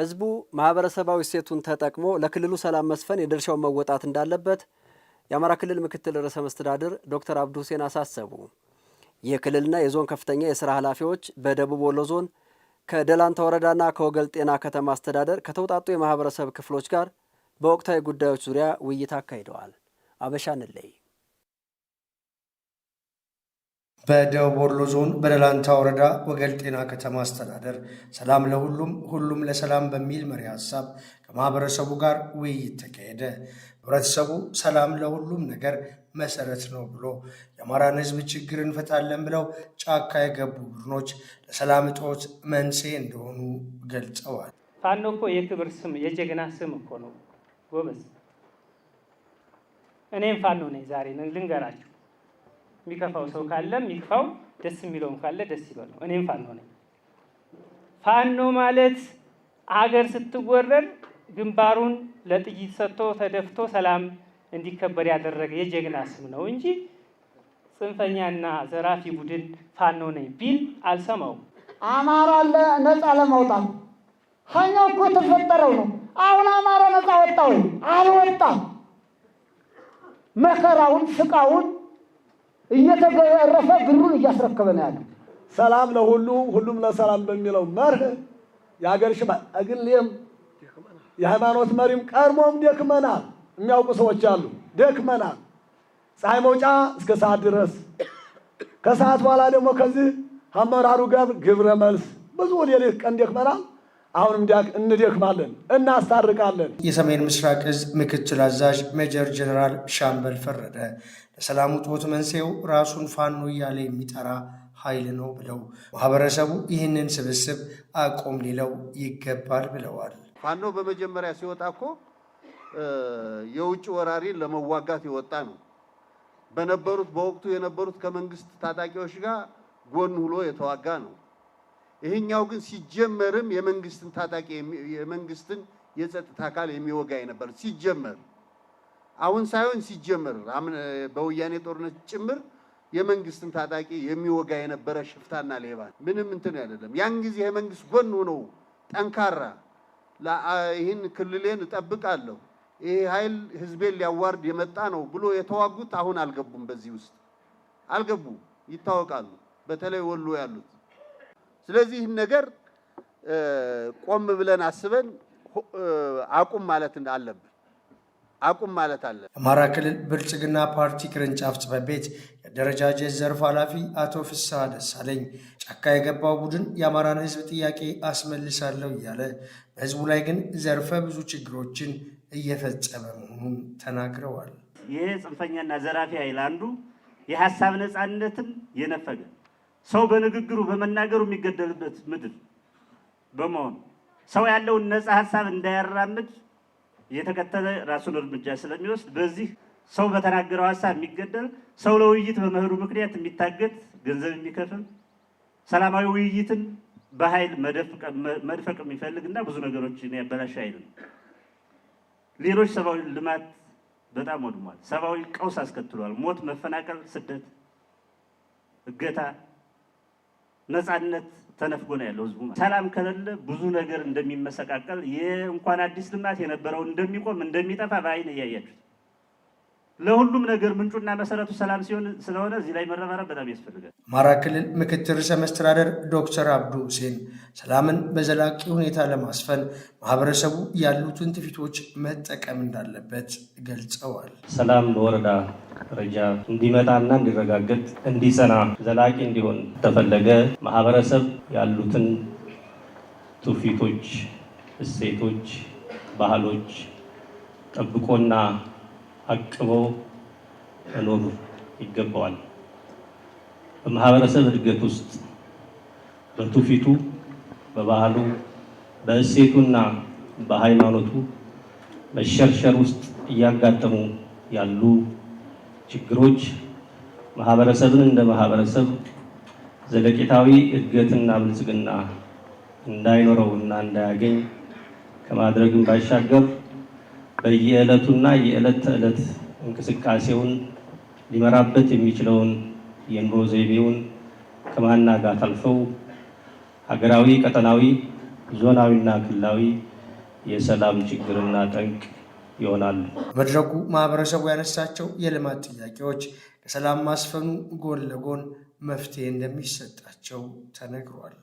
ህዝቡ ማህበረሰባዊ እሴቱን ተጠቅሞ ለክልሉ ሰላም መስፈን የድርሻውን መወጣት እንዳለበት የአማራ ክልል ምክትል ርዕሰ መስተዳድር ዶክተር አብዱ ሁሴን አሳሰቡ። የክልልና የዞን ከፍተኛ የስራ ኃላፊዎች በደቡብ ወሎ ዞን ከደላንታ ወረዳና ከወገል ጤና ከተማ አስተዳደር ከተውጣጡ የማህበረሰብ ክፍሎች ጋር በወቅታዊ ጉዳዮች ዙሪያ ውይይት አካሂደዋል። አበሻንለይ በደቡብ ወሎ ዞን በደላንታ ወረዳ ወገል ጤና ከተማ አስተዳደር ሰላም ለሁሉም ሁሉም ለሰላም በሚል መሪ ሀሳብ ከማህበረሰቡ ጋር ውይይት ተካሄደ። ህብረተሰቡ ሰላም ለሁሉም ነገር መሰረት ነው ብሎ የአማራን ህዝብ ችግር እንፈታለን ብለው ጫካ የገቡ ቡድኖች ለሰላም እጦት መንስኤ እንደሆኑ ገልጸዋል። ፋኖ እኮ የክብር ስም የጀግና ስም እኮ ነው ጎበዝ። እኔም ፋኖ ነኝ ዛሬ ልንገራችሁ የሚከፋው ሰው ካለ የሚክፋው፣ ደስ የሚለውም ካለ ደስ ይበለው። እኔም ፋኖ ነኝ። ፋኖ ማለት አገር ስትወረር ግንባሩን ለጥይት ሰጥቶ ተደፍቶ ሰላም እንዲከበር ያደረገ የጀግና ስም ነው እንጂ ጽንፈኛና ዘራፊ ቡድን ፋኖ ነኝ ቢል አልሰማውም። አማራ ነፃ ለማውጣት ሀኛው እኮ ተፈጠረው ነው። አሁን አማራ ነፃ ወጣው ወይ? አልወጣም። መከራውን ስቃውን እየተገረፈ ብሩን እያስረከበ ነው ያለው። ሰላም ለሁሉ ሁሉም ለሰላም በሚለው መርህ የሀገር ሽማግሌም የሃይማኖት መሪም ቀድሞም ደክመናል፣ የሚያውቁ ሰዎች አሉ። ደክመናል፣ ፀሐይ መውጫ እስከ ሰዓት ድረስ ከሰዓት በኋላ ደግሞ ከዚህ አመራሩ ጋር ግብረ መልስ ብዙ ሌሊት ቀን ደክመናል። አሁንም ዳግ እንደክማለን፣ እናስታርቃለን። የሰሜን ምስራቅ እዝ ምክትል አዛዥ ሜጀር ጀነራል ሻምበል ፈረደ ለሰላም እጦት መንስኤው ራሱን ፋኖ እያለ የሚጠራ ኃይል ነው ብለው ማህበረሰቡ ይህንን ስብስብ አቆም ሊለው ይገባል ብለዋል። ፋኖ በመጀመሪያ ሲወጣ እኮ የውጭ ወራሪን ለመዋጋት የወጣ ነው። በነበሩት በወቅቱ የነበሩት ከመንግስት ታጣቂዎች ጋር ጎን ሁሎ የተዋጋ ነው። ይሄኛው ግን ሲጀመርም የመንግስትን ታጣቂ የመንግስትን የጸጥታ አካል የሚወጋ ነበር። ሲጀመር አሁን ሳይሆን ሲጀመር በወያኔ ጦርነት ጭምር የመንግስትን ታጣቂ የሚወጋ የነበረ ሽፍታና ሌባ ምንም እንትን አይደለም። ያን ጊዜ የመንግስት ጎን ሆኖ ጠንካራ ይህን ክልሌን እጠብቃለሁ፣ ይሄ ኃይል ህዝቤን ሊያዋርድ የመጣ ነው ብሎ የተዋጉት አሁን አልገቡም። በዚህ ውስጥ አልገቡ ይታወቃሉ። በተለይ ወሎ ያሉት ስለዚህ ይህን ነገር ቆም ብለን አስበን አቁም ማለት አለብን። አቁም ማለት አለ። አማራ ክልል ብልጽግና ፓርቲ ቅርንጫፍ ጽሕፈት ቤት የአደረጃጀት ዘርፍ ኃላፊ አቶ ፍስሐ ደሳለኝ ጫካ የገባው ቡድን የአማራን ህዝብ ጥያቄ አስመልሳለሁ እያለ በህዝቡ ላይ ግን ዘርፈ ብዙ ችግሮችን እየፈጸመ መሆኑን ተናግረዋል። ይህ ጽንፈኛና ዘራፊ ኃይል አንዱ የሀሳብ ነፃነትን የነፈገ ሰው በንግግሩ በመናገሩ የሚገደልበት ምድር በመሆኑ ሰው ያለውን ነፃ ሀሳብ እንዳያራምድ የተከተለ ራሱን እርምጃ ስለሚወስድ በዚህ ሰው በተናገረው ሀሳብ የሚገደል ሰው ለውይይት በመሄዱ ምክንያት የሚታገት ገንዘብ የሚከፍል ሰላማዊ ውይይትን በኃይል መድፈቅ የሚፈልግ እና ብዙ ነገሮችን ያበላሽ ኃይል ነው። ሌሎች ሰብአዊ ልማት በጣም ወድሟል። ሰብአዊ ቀውስ አስከትሏል። ሞት፣ መፈናቀል፣ ስደት፣ እገታ ነፃነት ተነፍጎ ነው ያለው ህዝቡ። ሰላም ከሌለ ብዙ ነገር እንደሚመሰቃቀል እንኳን አዲስ ልማት የነበረው እንደሚቆም እንደሚጠፋ በአይን እያያችሁ ለሁሉም ነገር ምንጩና መሰረቱ ሰላም ሲሆን ስለሆነ እዚህ ላይ መረባረብ በጣም ያስፈልጋል። አማራ ክልል ምክትል ርዕሰ መስተዳደር ዶክተር አብዱ ሁሴን ሰላምን በዘላቂ ሁኔታ ለማስፈን ማህበረሰቡ ያሉትን ትፊቶች መጠቀም እንዳለበት ገልጸዋል። ሰላም በወረዳ ደረጃ እንዲመጣና እንዲረጋገጥ፣ እንዲሰና፣ ዘላቂ እንዲሆን ተፈለገ ማህበረሰብ ያሉትን ትውፊቶች፣ እሴቶች፣ ባህሎች ጠብቆና አቅቦ መኖር ይገባዋል። በማህበረሰብ እድገት ውስጥ በትውፊቱ፣ በባህሉ፣ በእሴቱና በሃይማኖቱ መሸርሸር ውስጥ እያጋጠሙ ያሉ ችግሮች ማህበረሰብን እንደ ማህበረሰብ ዘለቄታዊ እድገትና ብልጽግና እንዳይኖረውና እንዳያገኝ ከማድረግም ባሻገር በየዕለቱና የዕለት ተዕለት እንቅስቃሴውን ሊመራበት የሚችለውን የኑሮ ዘይቤውን ከማናጋት አልፈው ሀገራዊ፣ ቀጠናዊ፣ ዞናዊና ክልላዊ የሰላም ችግርና ጠንቅ ይሆናሉ። መድረኩ ማህበረሰቡ ያነሳቸው የልማት ጥያቄዎች ከሰላም ማስፈኑ ጎን ለጎን መፍትሄ እንደሚሰጣቸው ተነግሯል።